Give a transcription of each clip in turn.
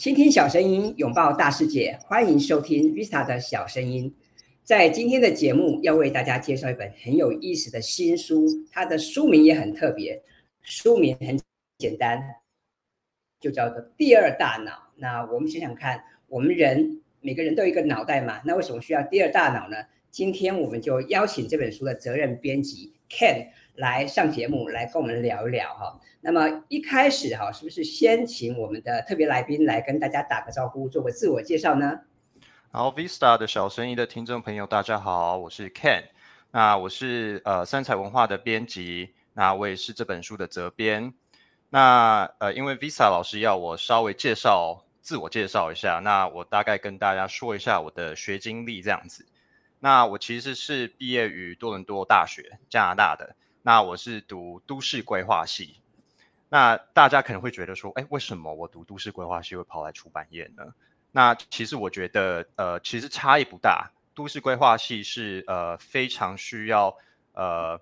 傾聽小聲音，擁抱大世界。歡迎收聽 Vista 的小聲音。在今天的節目，要為大家介紹一本很有意思的新書，它的書名也很特別。書名很簡單，就叫做《第二大腦》。那我們想想看，我們人每個人都有一個腦袋嘛？那為什麼需要第二大腦呢？今天我們就邀請這本書的責任編輯 Ken。來上節目，來跟我們聊一聊哈。那麼一開始哈，是不是先請我們的特別來賓來跟大家打個招呼，做個自我介紹呢？好 Vista 的小聲音的聽眾朋友，大家好，我是 Ken。那我是呃三采文化的編輯，那我也是這本書的責編。那呃，因為 Vista 老師要我稍微介紹自我介紹一下，那我大概跟大家說一下我的學經歷這樣子。那我其實是畢業於多倫多大學，加拿大的。那我是讀都市規劃系，那大家可能會覺得說，誒，為什麼我讀都市規劃系會跑來出版業呢？那其實我覺得，呃，其實差異不大。都市規劃系是呃非常需要呃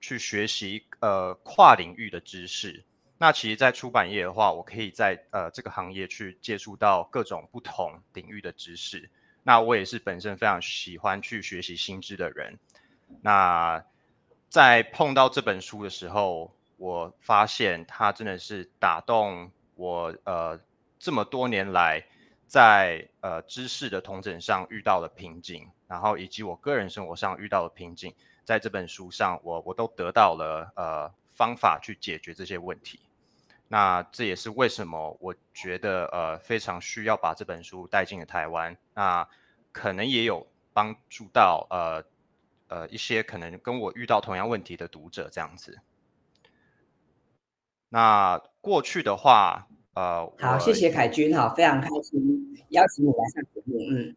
去學習呃跨領域的知識。那其實，在出版業的話，我可以在呃這個行業去接觸到各種不同領域的知識。那我也是本身非常喜歡去學習新知的人。那在碰到這本書的時候，我發現它真的是打動我。呃，這麼多年來在，在呃知識的統整上遇到了瓶頸，然後以及我個人生活上遇到的瓶頸，在這本書上我，我我都得到了呃方法去解決這些問題。那這也是為什麼我覺得呃非常需要把這本書帶進了台灣。那可能也有幫助到呃。呃，一些可能跟我遇到同樣問題的讀者這樣子。那過去的話，呃，好，也謝謝凱鈞哈，哦，非常開心邀請你來上節目。嗯，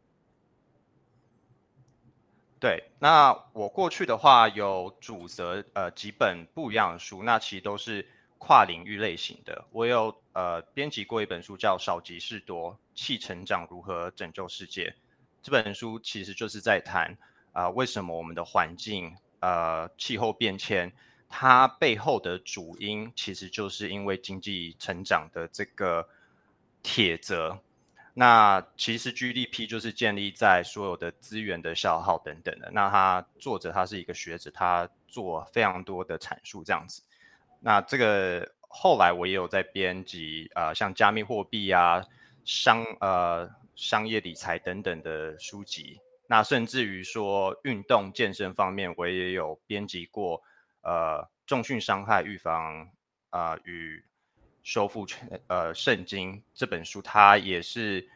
對，那我過去的話有主責呃幾本不一樣的書，那其實都是跨領域類型的。我有呃編輯過一本書叫《少即是多：棄成長如何拯救世界》，這本書其實就是在談。啊、呃，為什麼我們的環境呃氣候變遷，它背後的主因，其實就是因為經濟成長的這個鐵則。那其實 GDP 就是建立在所有的資源的消耗等等的。那它作者他是一個學者，他做非常多的闡述這樣子。那這個後來我也有在編輯呃，像加密貨幣啊、商呃商業理財等等的書籍。那甚至於說運動健身方面，我也有編輯過，呃，重訓傷害預防啊、呃、與修復全呃聖經這本書，它也是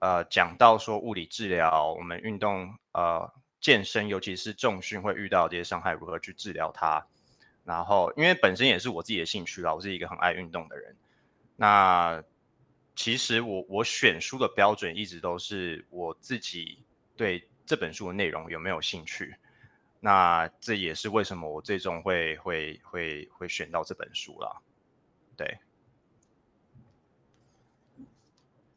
呃講到說物理治療，我們運動呃健身，尤其是重訓會遇到的這些傷害，如何去治療它。然後，因為本身也是我自己的興趣啦，我是一個很愛運動的人。那其實我我選書的標準一直都是我自己對。這本書的內容有沒有興趣？那這也是為什麼我最終會會會會選到這本書了。對，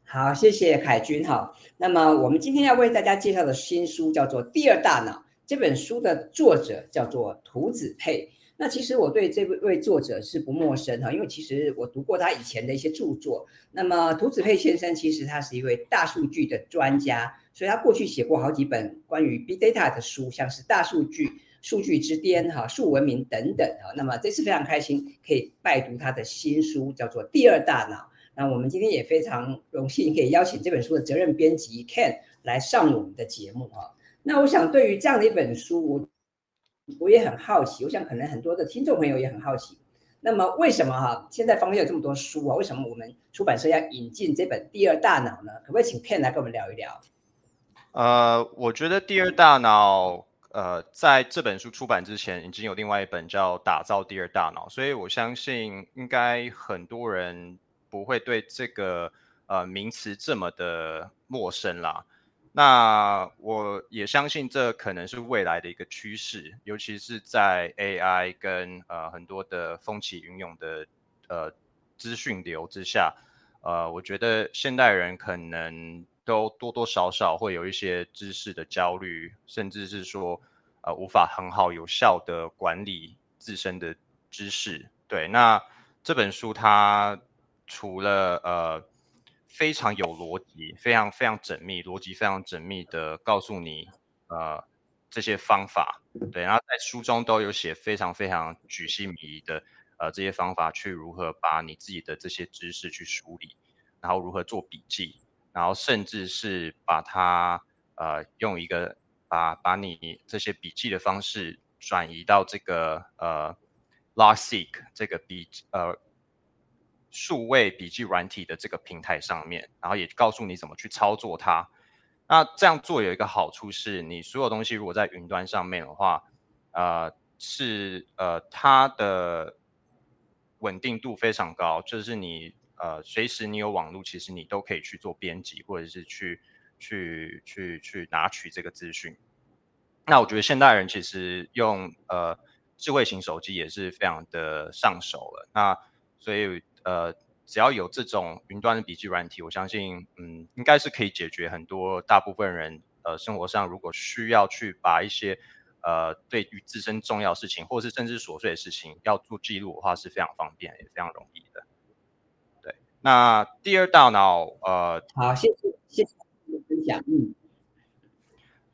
好，謝謝凱鈞哈。那麼我們今天要為大家介紹的新書叫做《第二大腦》，這本書的作者叫做涂子沛。那其實我對這位作者是不陌生哈，因為其實我讀過他以前的一些著作。那麼涂子沛先生其實他是一位大數據的專家。所以他過去寫過好幾本關於 Big Data 的書，像是大數據、數據之巔、哈數文明等等。那麼這次非常開心可以拜讀他的新書，叫做《第二大腦》。那我們今天也非常榮幸可以邀請這本書的責任編輯 Ken 來上我們的節目啊。那我想對於這樣的一本書，我我也很好奇。我想可能很多的聽眾朋友也很好奇。那麼為什麼哈，現在坊間有這麼多書啊？為什麼我們出版社要引進這本《第二大腦》呢？可不可以請 Ken 來跟我們聊一聊？呃，我覺得第二大腦，呃，在這本書出版之前，已經有另外一本叫《打造第二大腦》，所以我相信應該很多人不會對這個呃名詞這麼的陌生啦。那我也相信這可能是未來的一個趨勢，尤其是在 AI 跟呃很多的風起雲湧的呃資訊流之下，呃，我覺得現代人可能，都多多少少會有一些知識的焦慮，甚至是說，呃，無法很好、有效的管理自身的知識。對，那這本書它除了呃非常有邏輯、非常非常縝密，邏輯非常縝密的告訴你呃這些方法，對，那在書中都有寫非常非常巨細靡遺的呃這些方法，去如何把你自己的這些知識去梳理，然後如何做筆記。然後甚至是把它呃用一個把把你這些筆記的方式轉移到這個呃 Logseq 這個筆呃數位筆記軟體的這個平台上面，然後也告訴你怎麼去操作它。那這樣做有一個好處是，你所有東西如果在雲端上面的話，呃是呃它的穩定度非常高，就是你。呃，隨時你有網路，其實你都可以去做編輯，或者是去去去去拿取這個資訊。那我覺得現代人其實用呃智慧型手機也是非常的上手了。那所以呃只要有這種雲端的筆記軟體，我相信嗯應該是可以解決很多大部分人呃生活上如果需要去把一些呃對於自身重要事情，或是甚至瑣碎的事情要做記錄的話是非常方便也非常容易的。那第二大腦，呃，好，謝謝，謝謝分享，嗯，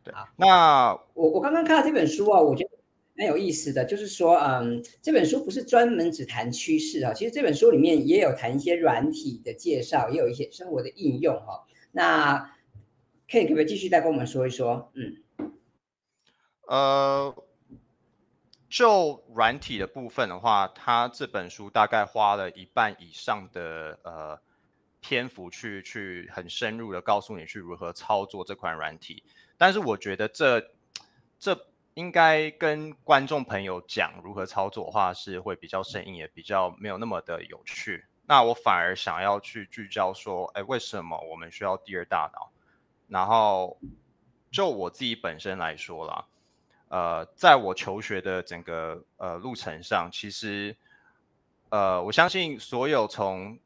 對啊，好，那我我剛剛看到這本書啊，我覺得蠻有意思的，就是說，嗯，這本書不是專門只談趨勢啊，其實這本書裡面也有談一些軟體的介紹，也有一些生活的應用哈啊，那 Ken 可以，可不可以繼續再跟我們說一說，嗯，呃。就軟體的部分的話，他這本書大概花了一半以上的呃篇幅去去很深入的告訴你去如何操作這款軟體，但是我覺得這這應該跟觀眾朋友講如何操作的話是會比較生硬，也比較沒有那麼的有趣。那我反而想要去聚焦說，哎、欸，為什麼我們需要第二大腦？然後就我自己本身來說啦。呃，在我求學的整個呃路程上，其實，呃，我相信所有從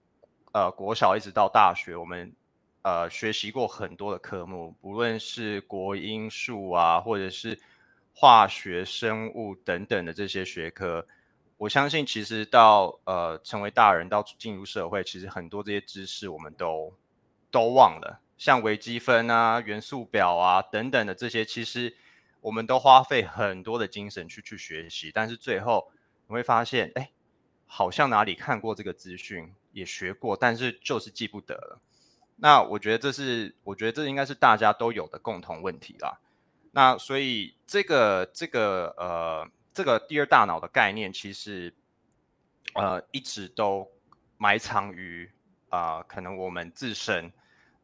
呃國小一直到大學，我們呃學習過很多的科目，不論是國英數啊，或者是化學、生物等等的這些學科，我相信其實到呃成為大人到進入社會，其實很多這些知識我們都都忘了，像微積分啊、元素表啊等等的這些，其實。我們都花費很多的精神去去學習，但是最後你會發現，哎，好像哪裡看過這個資訊，也學過，但是就是記不得了。那我覺得這是，我覺得這應該是大家都有的共同問題啦。那所以這個這個呃這個第二大腦的概念，其實呃一直都埋藏於啊、呃、可能我們自身，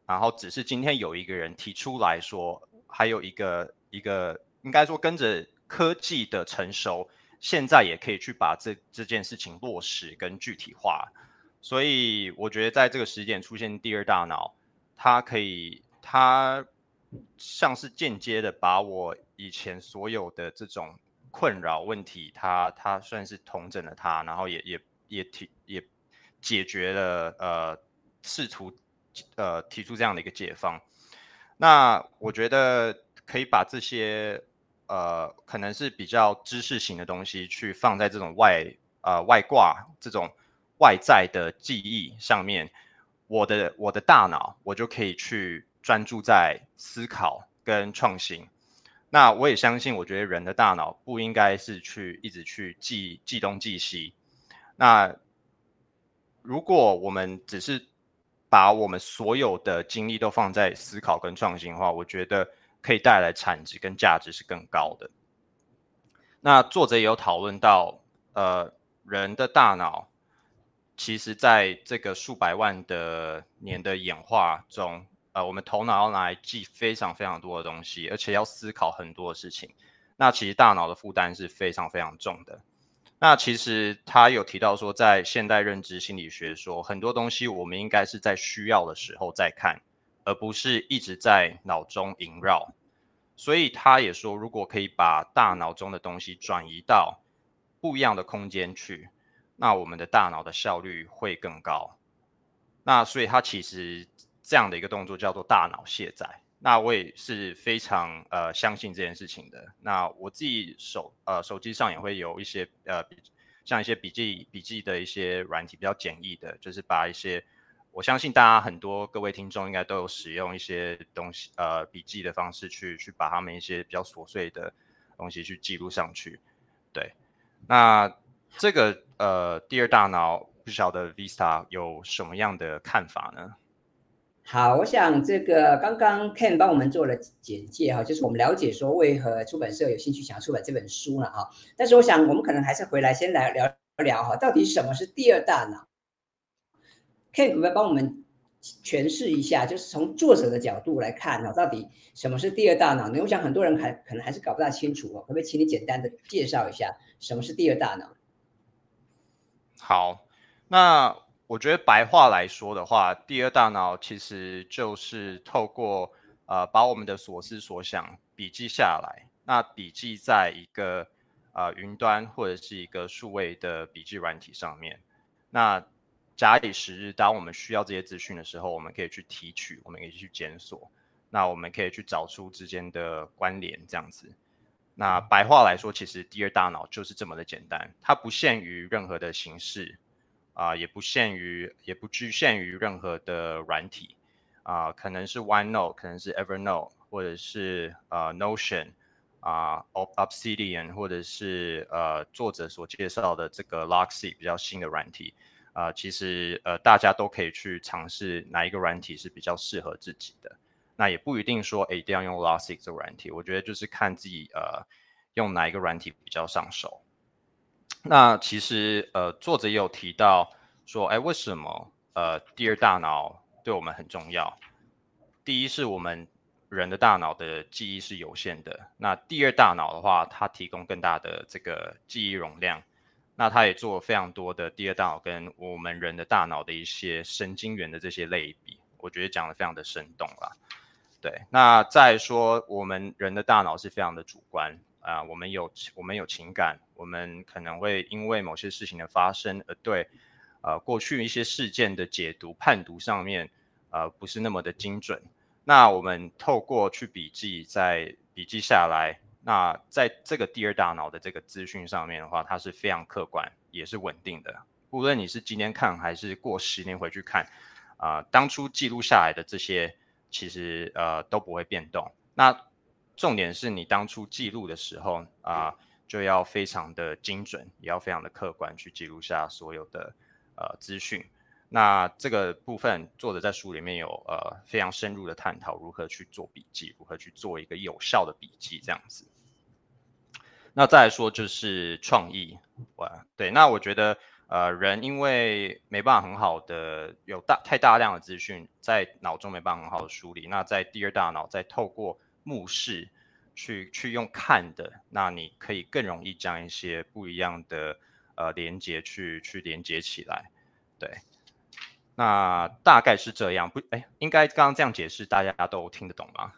然後只是今天有一個人提出來說，還有一個一個。應該說，跟着科技的成熟，現在也可以去把這這件事情落實跟具體化。所以，我覺得在這個時間出現第二大腦，它可以，它像是間接的把我以前所有的這種困擾問題，它它算是統整了它，然後也也也提也解決了，呃，試圖呃提出這樣的一個解方。那我覺得可以把這些。呃，可能是比較知識型的東西，去放在這種外呃外掛這種外在的記憶上面，我的我的大腦我就可以去專注在思考跟創新。那我也相信，我覺得人的大腦不應該是去一直去記記東記西。那如果我們只是把我們所有的精力都放在思考跟創新的話，我覺得。可以帶來產值跟價值是更高的。那作者也有討論到，呃，人的大腦其實在這個數百萬的年的演化中，呃，我們頭腦要拿來記非常非常多的東西，而且要思考很多的事情。那其實大腦的負擔是非常非常重的。那其實他有提到說，在現代認知心理學說，很多東西我們應該是在需要的時候再看，而不是一直在腦中縈繞，所以他也說，如果可以把大腦中的東西轉移到不一樣的空間去，那我們的大腦的效率會更高。那所以他其實這樣的一個動作叫做大腦卸載。那我也是非常呃相信這件事情的。那我自己手呃手機上也會有一些呃像一些筆記筆記的一些軟體，比較簡易的，就是把一些。我相信大家很多各位聽眾應該都有使用一些東西，呃，筆記的方式去去把他們一些比較瑣碎的東西去記錄上去，對。那這個呃，第二大腦不曉得 Vista 有什麼樣的看法呢？好，我想這個剛剛 Ken 幫我們做了簡介哈、哦，就是我們了解說為何出版社有興趣想要出版這本書了哈、哦。但是我想我們可能還是回來先來聊聊哈，到底什麼是第二大腦？Ken，可，可不可以幫我們詮釋一下？就是從作者的角度來看呢、哦，到底什麼是第二大腦呢？我想很多人還可能還是搞不大清楚哦。可不可以請你簡單的介紹一下什麼是第二大腦？好，那我覺得白話來說的話，第二大腦其實就是透過呃，把我們的所思所想筆記下來，那筆記在一個啊、呃、雲端或者是一個數位的筆記軟體上面，那。假以時日，當我們需要這些資訊的時候，我們可以去提取，我們可以去檢索，那我們可以去找出之間的關聯，這樣子。那白話來說，其實第二大腦就是這麼的簡單，它不限於任何的形式，啊、呃，也不限於，也不局限於任何的軟體，啊、呃，可能是 OneNote，可能是 Evernote，或者是呃 Notion，啊、呃，Obsidian，或者是呃作者所介紹的這個 Logseq 比較新的軟體。啊、呃，其實呃，大家都可以去嘗試哪一個軟體是比較適合自己的。那也不一定說，哎，一定要用 Logseq 這個軟體。我覺得就是看自己呃，用哪一個軟體比較上手。那其實呃，作者也有提到說，哎，為什麼呃，第二大腦對我們很重要？第一是我們人的大腦的記憶是有限的。那第二大腦的話，它提供更大的這個記憶容量。那他也做了非常多的第二大腦跟我們人的大腦的一些神經元的這些類比，我覺得講得非常的生動啦。對，那再說我們人的大腦是非常的主觀啊、呃，我們有我們有情感，我們可能會因為某些事情的發生而對，呃，過去一些事件的解讀判讀上面，呃，不是那麼的精準。那我們透過去筆記在筆記下來。那在這個第二大腦的這個資訊上面的話，它是非常客觀，也是穩定的。無論你是今天看，還是過十年回去看，啊、呃，當初記錄下來的這些，其實呃都不會變動。那重點是你當初記錄的時候啊、呃，就要非常的精準，也要非常的客觀去記錄下所有的呃資訊。那這個部分，作者在書裡面有呃非常深入的探討，如何去做筆記，如何去做一個有效的筆記這樣子。那再來說就是創意，哇，對，那我覺得呃人因為沒辦法很好的有大太大量的資訊在腦中沒辦法很好的梳理，那在第二大腦再透過目視去去用看的，那你可以更容易將一些不一樣的呃連接去去連接起來，對。那大概是這樣，不，哎，應該剛剛這樣解釋，大家都聽得懂嗎？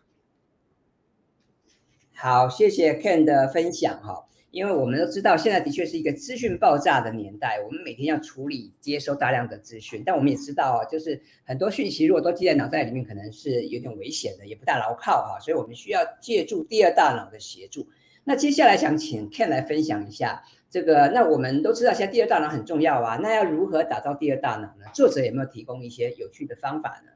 好，謝謝 Ken 的分享哈，因為我們都知道，現在的確是一個資訊爆炸的年代，我們每天要處理、接收大量的資訊，但我們也知道啊，就是很多訊息如果都記在腦袋裡面，可能是有點危險的，也不大牢靠哈，所以我們需要借助第二大腦的協助。那接下來想請 Ken 來分享一下這個。那我們都知道現在第二大腦很重要啊，那要如何打造第二大腦呢？作者有沒有提供一些有趣的方法呢？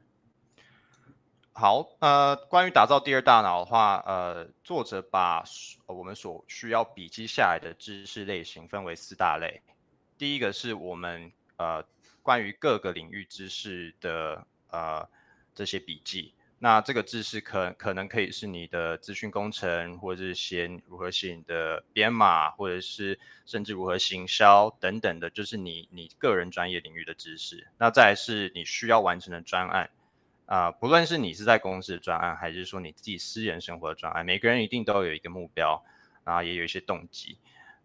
好，呃，關於打造第二大腦的話，呃，作者把我們所需要筆記下來的知識類型分為四大類。第一個是我們呃關於各個領域知識的呃這些筆記。那這個知識可可能可以是你的資訊工程，或者是寫如何寫你的編碼，或者是甚至如何行銷等等的，就是你你個人專業領域的知識。那再是你需要完成的專案，啊、呃，不論是你是在公司的專案，還是說你自己私人生活的專案，每個人一定都有一個目標，啊，也有一些動機。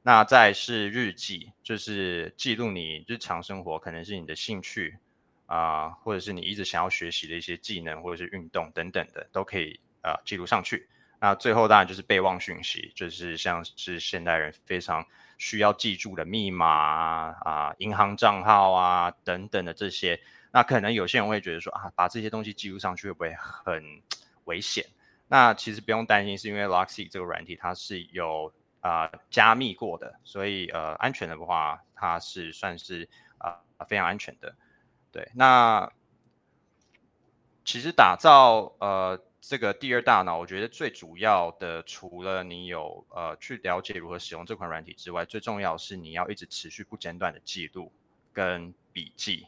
那再是日記，就是記錄你日常生活，可能是你的興趣。啊、呃，或者是你一直想要學習的一些技能，或者是運動等等的，都可以呃記錄上去。那最後當然就是備忘訊息，就是像是現代人非常需要記住的密碼、呃、啊、銀行賬號啊等等的這些。那可能有些人會覺得說啊，把這些東西記錄上去會不會很危險？那其實不用擔心，是因為 Logseq 這個軟體它是有啊、呃、加密過的，所以呃安全的話，它是算是啊、呃、非常安全的。對，那其實打造呃這個第二大腦，我覺得最主要的，除了你有呃去了解如何使用這款軟體之外，最重要是你要一直持續不間斷的記錄跟筆記。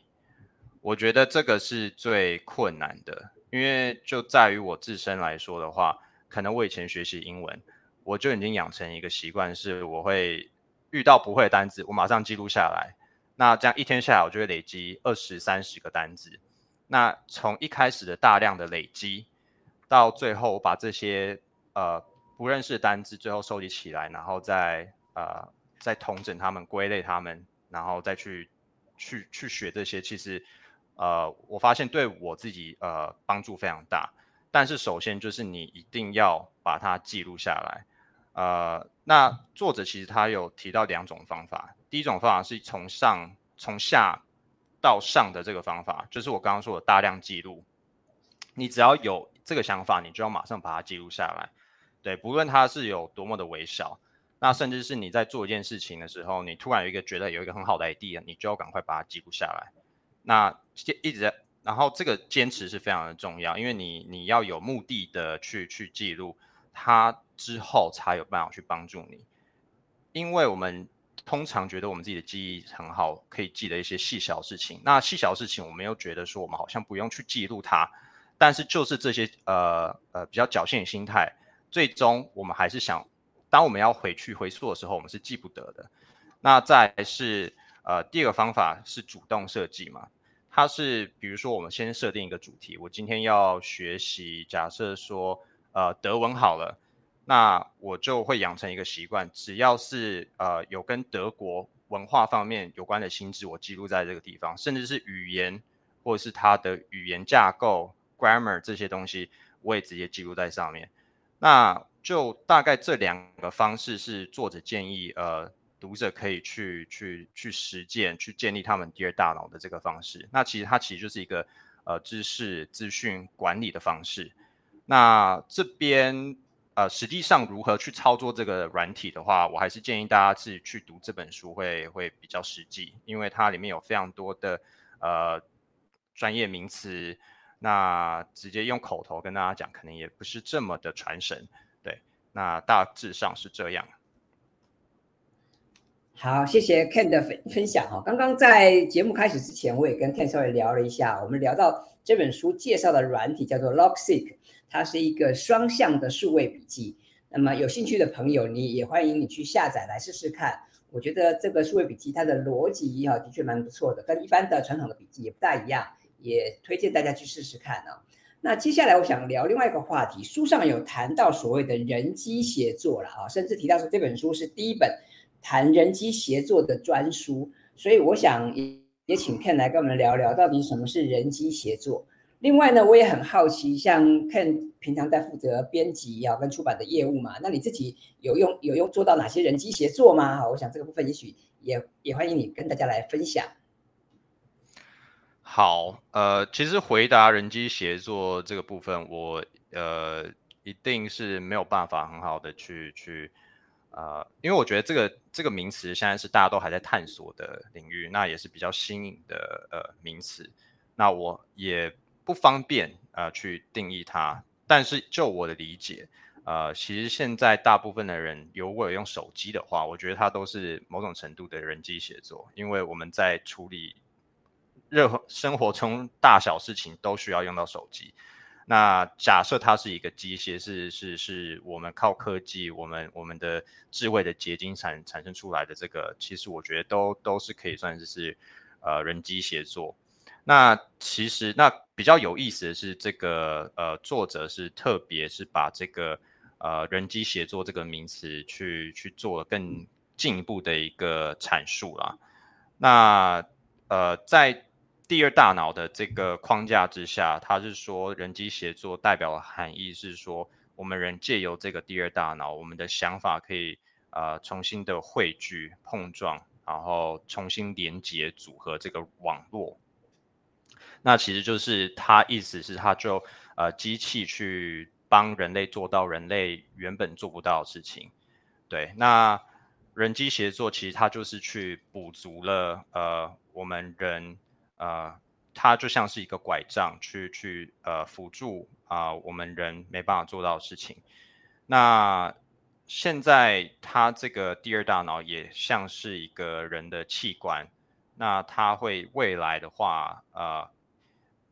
我覺得這個是最困難的，因為就在於我自身來說的話，可能我以前學習英文，我就已經養成一個習慣，是我會遇到不會的單字，我馬上記錄下來。那這樣一天下來，我就會累積二十三十個單字，那從一開始的大量的累積，到最後我把這些呃不認識的單字最後收集起來，然後再呃再統整他們、歸類他們，然後再去去去學這些，其實呃我發現對我自己呃幫助非常大。但是首先就是你一定要把它記錄下來。呃，那作者其實他有提到兩種方法，第一種方法是從上從下到上的這個方法，就是我剛剛說的大量記錄，你只要有這個想法，你就要馬上把它記錄下來，對，不論它是有多麼的微小，那甚至是你在做一件事情的時候，你突然有一個覺得有一個很好的 idea，你就要趕快把它記錄下來。那一直，然後這個堅持是非常的重要，因為你你要有目的的去去記錄。他之後才有辦法去幫助你，因為我們通常覺得我們自己的記憶很好，可以記得一些細小事情。那細小事情，我們又覺得說我們好像不用去記錄它。但是就是這些呃呃比較僥倖的心態，最終我們還是想，當我們要回去回溯的時候，我們是記不得的。那再是呃第二個方法是主動設計嘛，它是比如說我們先設定一個主題，我今天要學習，假設說。呃，德文好了，那我就會養成一個習慣，只要是呃有跟德國文化方面有關的心智，我記錄在這個地方，甚至是語言或者是它的語言架構、grammar 這些東西，我也直接記錄在上面。那就大概這兩個方式是作者建議呃讀者可以去去去實踐，去建立他們第二大腦的這個方式。那其實它其實就是一個呃知識資訊管理的方式。那這邊呃，實際上如何去操作這個軟體的話，我還是建議大家自己去讀這本書會會比較實際，因為它裡面有非常多的呃專業名詞，那直接用口頭跟大家講，可能也不是這麼的傳神。對，那大致上是這樣。好，謝謝 Ken 的分分享哦。剛剛在節目開始之前，我也跟 Ken 稍微聊了一下，我們聊到這本書介紹的軟體叫做 Logseq。它是一個雙向的數位筆記，那麼有興趣的朋友，你也歡迎你去下載來試試看。我覺得這個數位筆記它的邏輯哈、哦，的確蠻不錯的，跟一般的傳統的筆記也不大一樣，也推薦大家去試試看哦。那接下來我想聊另外一個話題，書上有談到所謂的人機協作了啊、哦，甚至提到說這本書是第一本談人機協作的專書，所以我想也也請 Ken 來跟我們聊聊到底什麼是人機協作。另外呢，我也很好奇，像 Ken 平常在負責編輯呀、啊、跟出版的業務嘛，那你自己有用有用做到哪些人機協作嗎？哈，我想這個部分也許也也歡迎你跟大家來分享。好，呃，其實回答人機協作這個部分，我呃一定是沒有辦法很好的去去，呃，因為我覺得這個這個名詞現在是大家都還在探索的領域，那也是比較新穎的呃名詞，那我也。不方便啊、呃，去定義它。但是就我的理解，啊、呃，其實現在大部分的人，如果用手機的話，我覺得它都是某種程度的人機協作。因為我們在處理任何生活中大小事情都需要用到手機。那假設它是一個機械，是是是我們靠科技，我們我們的智慧的結晶產產生出來的這個，其實我覺得都都是可以算是是呃人機協作。那其實那比較有意思的是，這個呃作者是特別是把這個呃人機協作這個名詞去去做更進一步的一個闡述啦。那呃在第二大腦的這個框架之下，他是說人機協作代表的含義是說，我們人借由這個第二大腦，我們的想法可以呃重新的匯聚、碰撞，然後重新連接、組合這個網絡。那其實就是他意思是他就呃機器去幫人類做到人類原本做不到的事情，對，那人機協作其實它，就是去補足了呃我們人呃它就像是一個拐杖，去去呃輔助啊、呃、我們人沒辦法做到的事情。那現在它這個第二大腦也像是一個人的器官，那它會未來的話呃。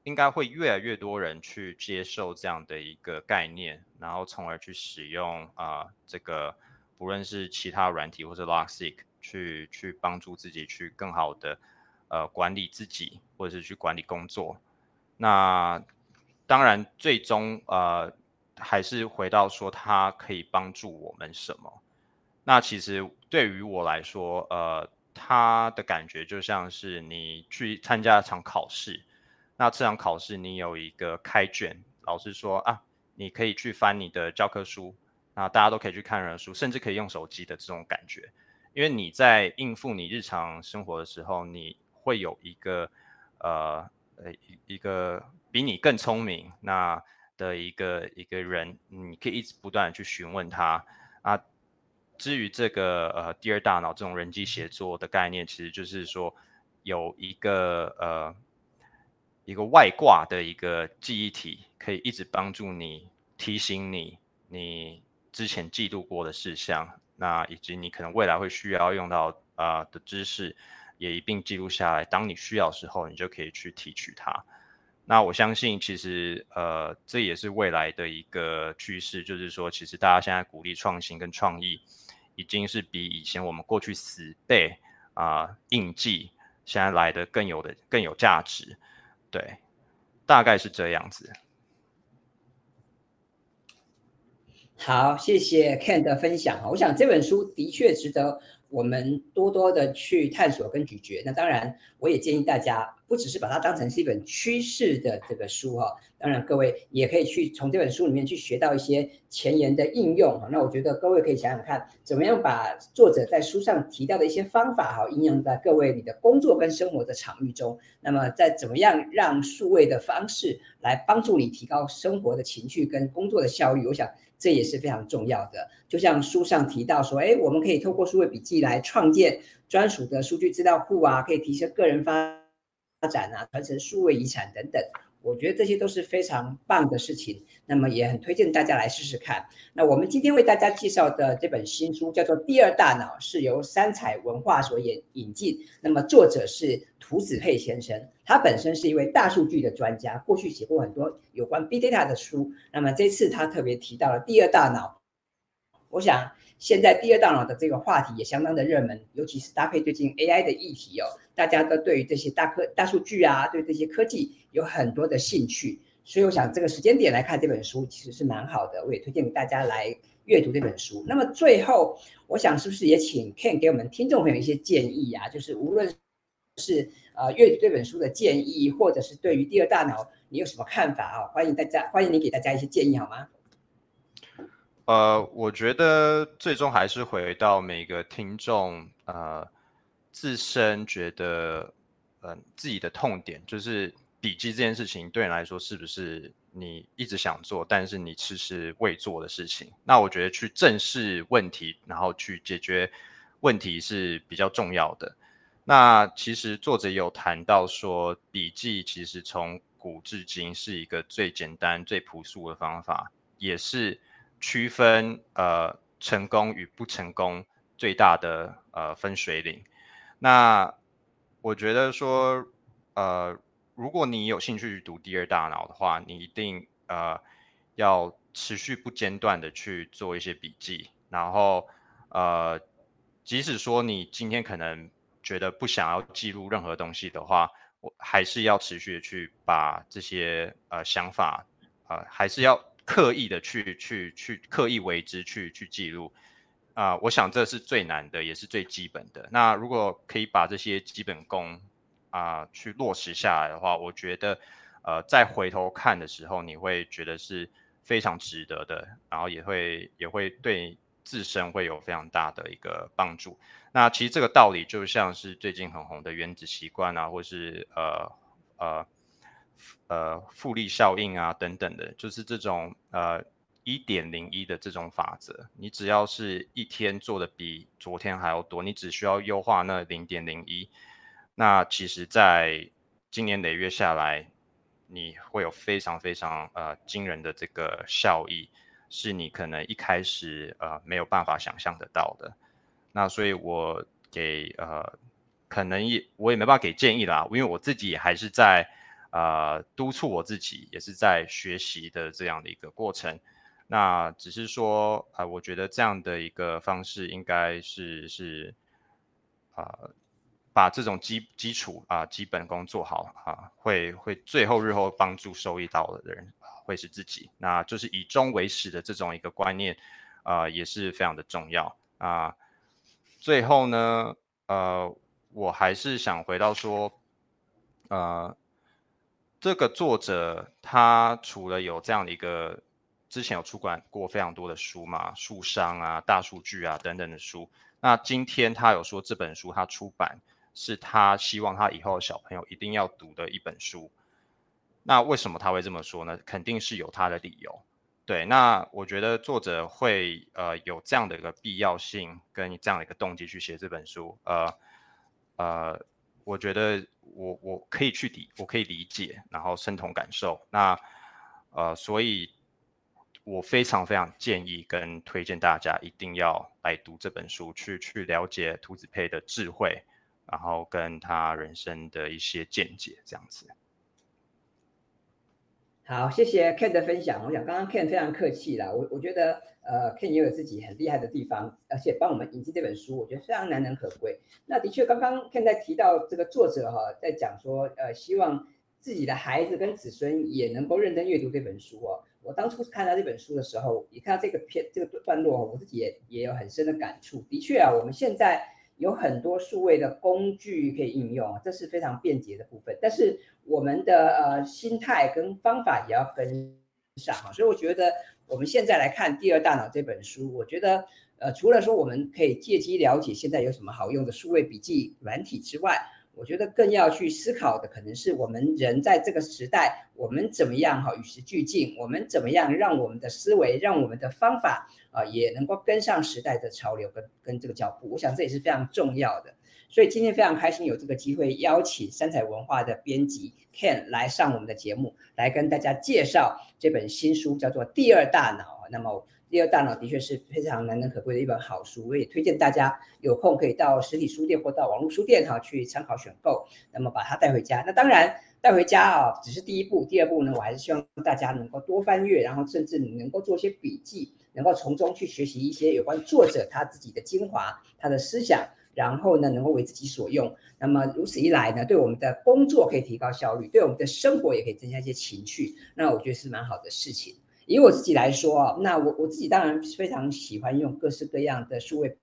應該會越來越多人去接受這樣的一個概念，然後從而去使用啊、呃、這個不論是其他軟體或者 Logseq 去去幫助自己去更好的呃管理自己或者是去管理工作。那當然最終呃還是回到說它可以幫助我們什麼？那其實對於我來說，呃他的感覺就像是你去參加一場考試。那這場考試，你有一個開卷，老師說啊，你可以去翻你的教科書，那大家都可以去看人書，甚至可以用手機的這種感覺，因為你在應付你日常生活的時候，你會有一個，呃，呃，一個比你更聰明那的一個一個人，你可以一直不斷的去詢問他啊。那至於這個呃第二大腦這種人機協作的概念，其實就是說有一個呃。一個外掛的一個記憶體，可以一直幫助你提醒你，你之前記錄過的事項，那以及你可能未來會需要用到啊、呃、的知識，也一併記錄下來。當你需要的時候，你就可以去提取它。那我相信，其實呃，這也是未來的一個趨勢，就是說，其實大家現在鼓勵創新跟創意，已經是比以前我們過去死背啊硬記，現在來得更有的更有價值。對，大概是這樣子。好，謝謝 Ken 的分享。我想這本書的確值得我們多多的去探索跟咀嚼。那當然，我也建議大家，不只是把它當成是一本趨勢的這個書哈。當然，各位也可以去從這本書裡面去學到一些前沿的應用哈。那我覺得各位可以想想看，怎麼樣把作者在書上提到的一些方法哈，應用在各位你的工作跟生活的場域中。那麼，在怎麼樣讓數位的方式來幫助你提高生活的情緒跟工作的效率？我想。這也是非常重要的，就像書上提到說，哎，我們可以透過數位筆記來創建專屬的數據資料庫啊，可以提升個人發展啊，傳承數位遺產等等。我覺得這些都是非常棒的事情，那麼也很推薦大家來試試看。那我們今天為大家介紹的這本新書叫做《第二大腦》，是由三采文化所引引進。那麼作者是涂子沛先生，他本身是一位大數據的專家，過去寫過很多有關 Big Data 的書。那麼這次他特別提到了第二大腦，我想。現在第二大腦的這個話題也相當的熱門，尤其是搭配最近 AI 的議題哦，大家都對於這些大科、大數據啊，對這些科技有很多的興趣，所以我想這個時間點來看這本書其實是蠻好的，我也推薦給大家來閱讀這本書。那麼最後，我想是不是也請 Ken 給我們聽眾朋友一些建議啊？就是無論是、呃、閱讀這本書的建議，或者是對於第二大腦，你有什麼看法啊？哦？歡迎大家，歡迎你給大家一些建議好嗎？呃，我覺得最終還是回到每個聽眾呃自身覺得嗯、呃、自己的痛點，就是筆記這件事情對你來說是不是你一直想做，但是你遲遲未做的事情？那我覺得去正視問題，然後去解決問題是比較重要的。那其實作者有談到說，筆記其實從古至今是一個最簡單、最樸素的方法，也是。區分呃成功與不成功最大的呃分水嶺。那我覺得說呃，如果你有興趣去讀《第二大腦》的話，你一定呃要持續不間斷的去做一些筆記。然後呃，即使說你今天可能覺得不想要記錄任何東西的話，我還是要持續的去把這些呃想法啊、呃，還是要。刻意的去去去刻意為之去去記錄啊、呃，我想這是最難的，也是最基本的。那如果可以把這些基本功啊、呃、去落實下來的話，我覺得呃再回頭看的時候，你會覺得是非常值得的，然後也會也會對自身會有非常大的一個幫助。那其實這個道理就像是最近很紅的原子習慣啊，或是呃呃。呃呃，複利效應啊，等等的，就是這種呃一點零一的這種法則。你只要是一天做得比昨天還要多，你只需要優化那零點零一，那其實，在經年累月下來，你會有非常非常呃驚人的這個效益，是你可能一開始呃沒有辦法想象得到的。那所以我給呃，可能也我也沒辦法給建議啦，因為我自己還是在。啊、呃，督促我自己也是在學習的這樣的一個過程。那只是說，啊、呃，我覺得這樣的一個方式應該是是，啊、呃，把這種基基礎啊、呃、基本功做好啊、呃，會會最後日後幫助受益到的人，會是自己。那就是以終為始的這種一個觀念，啊、呃，也是非常的重要啊、呃。最後呢，呃，我還是想回到說，呃。這個作者他除了有這樣的一個，之前有出版過非常多的書嘛，數商啊、大數據啊等等的書。那今天他有說這本書他出版是他希望他以後的小朋友一定要讀的一本書。那為什麼他會這麼說呢？肯定是有他的理由。對，那我覺得作者會呃有這樣的一個必要性跟這樣的一個動機去寫這本書，呃呃。我覺得我我可以去理，我可以理解，然後身同感受。那呃，所以我非常非常建議跟推薦大家一定要來讀這本書，去去了解涂子沛的智慧，然後跟他人生的一些見解，這樣子。好，謝謝 Ken 的分享。我想剛剛 Ken 非常客氣啦，我我覺得呃，Ken 也有自己很厲害的地方，而且幫我們引進這本書，我覺得非常難能可貴。那的確，剛剛 Ken 在提到這個作者哈、哦，在講說呃，希望自己的孩子跟子孫也能夠認真閱讀這本書哦，我當初看到這本書的時候，你看到這個片，這個段落，我自己也也有很深的感觸。的確啊，我們現在。有很多數位的工具可以應用，這是非常便捷的部分。但是我們的呃心態跟方法也要跟上，所以我覺得我們現在來看《第二大腦》這本書，我覺得呃除了說我們可以借機了解現在有什麼好用的數位筆記軟體之外。我覺得更要去思考的，可能是我們人在這個時代，我們怎麼樣好與時俱進，我們怎麼樣讓我們的思維、讓我們的方法啊，也能夠跟上時代的潮流跟跟這個腳步。我想這也是非常重要的。所以今天非常開心有這個機會邀請三采文化的編輯 Ken 來上我們的節目，來跟大家介紹這本新書，叫做《第二大腦》。那麼。第二大腦的確是非常難能可貴的一本好書，我也推薦大家有空可以到實體書店或到網絡書店哈去參考選購，那麼把它帶回家，那當然，帶回家啊、哦、只是第一步，第二步呢，我還是希望大家能夠多翻閱，然後甚至能夠做些筆記，能夠從中去學習一些有關作者他自己的精華、他的思想，然後呢能夠為自己所用。那麼如此一來呢，對我們的工作可以提高效率，對我們的生活也可以增加一些情趣，那我覺得是蠻好的事情。以我自己來說啊，那我我自己當然非常喜歡用各式各樣的數位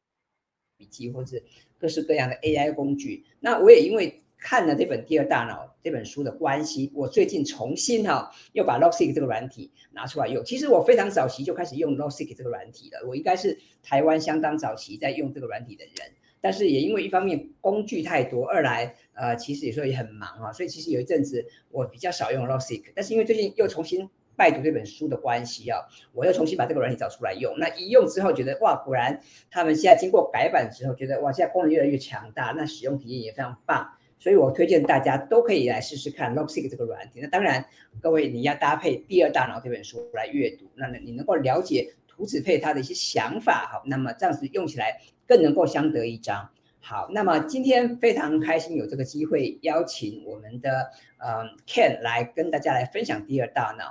筆記，或是各式各樣的 AI 工具。那我也因為看了這本《第二大腦》這本書的關係，我最近重新哈、啊、又把 Logseq 這個軟體拿出來用。其實我非常早期就開始用 Logseq 這個軟體了，我應該是台灣相當早期在用這個軟體的人。但是也因為一方面工具太多，二來呃其實有時候也很忙啊，所以其實有一陣子我比較少用 Logseq，但是因為最近又重新。拜讀這本書的關係啊、哦，我又重新把這個軟體找出來用，那一用之後覺得哇，果然他們現在經過改版之後，覺得哇，現在功能越來越強大，那使用體驗也非常棒，所以我推薦大家都可以來試試看 Logseq 這個軟體，那當然，各位你要搭配《第二大腦》這本書來閱讀，那你能夠了解涂子沛他的一些想法，好，那麼這樣子用起來更能夠相得益彰。好，那麼今天非常開心有這個機會邀請我們的嗯 Ken 來跟大家來分享《第二大腦》。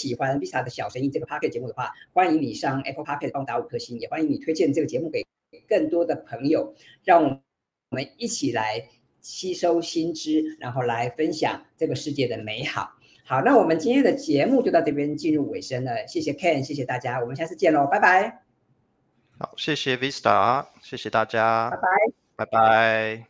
喜歡 Vista 的小聲音這個 Podcast 節目的話，歡迎你上 Apple Podcast 幫我打五顆星，也歡迎你推薦這個節目給更多的朋友，讓我們一起來吸收新知，然後來分享這個世界的美好。好，那我們今天的節目就到這邊進入尾聲了，謝謝 Ken，謝謝大家，我們下次見嘍，拜拜。好，謝謝 Vista，謝謝大家，拜拜，拜拜。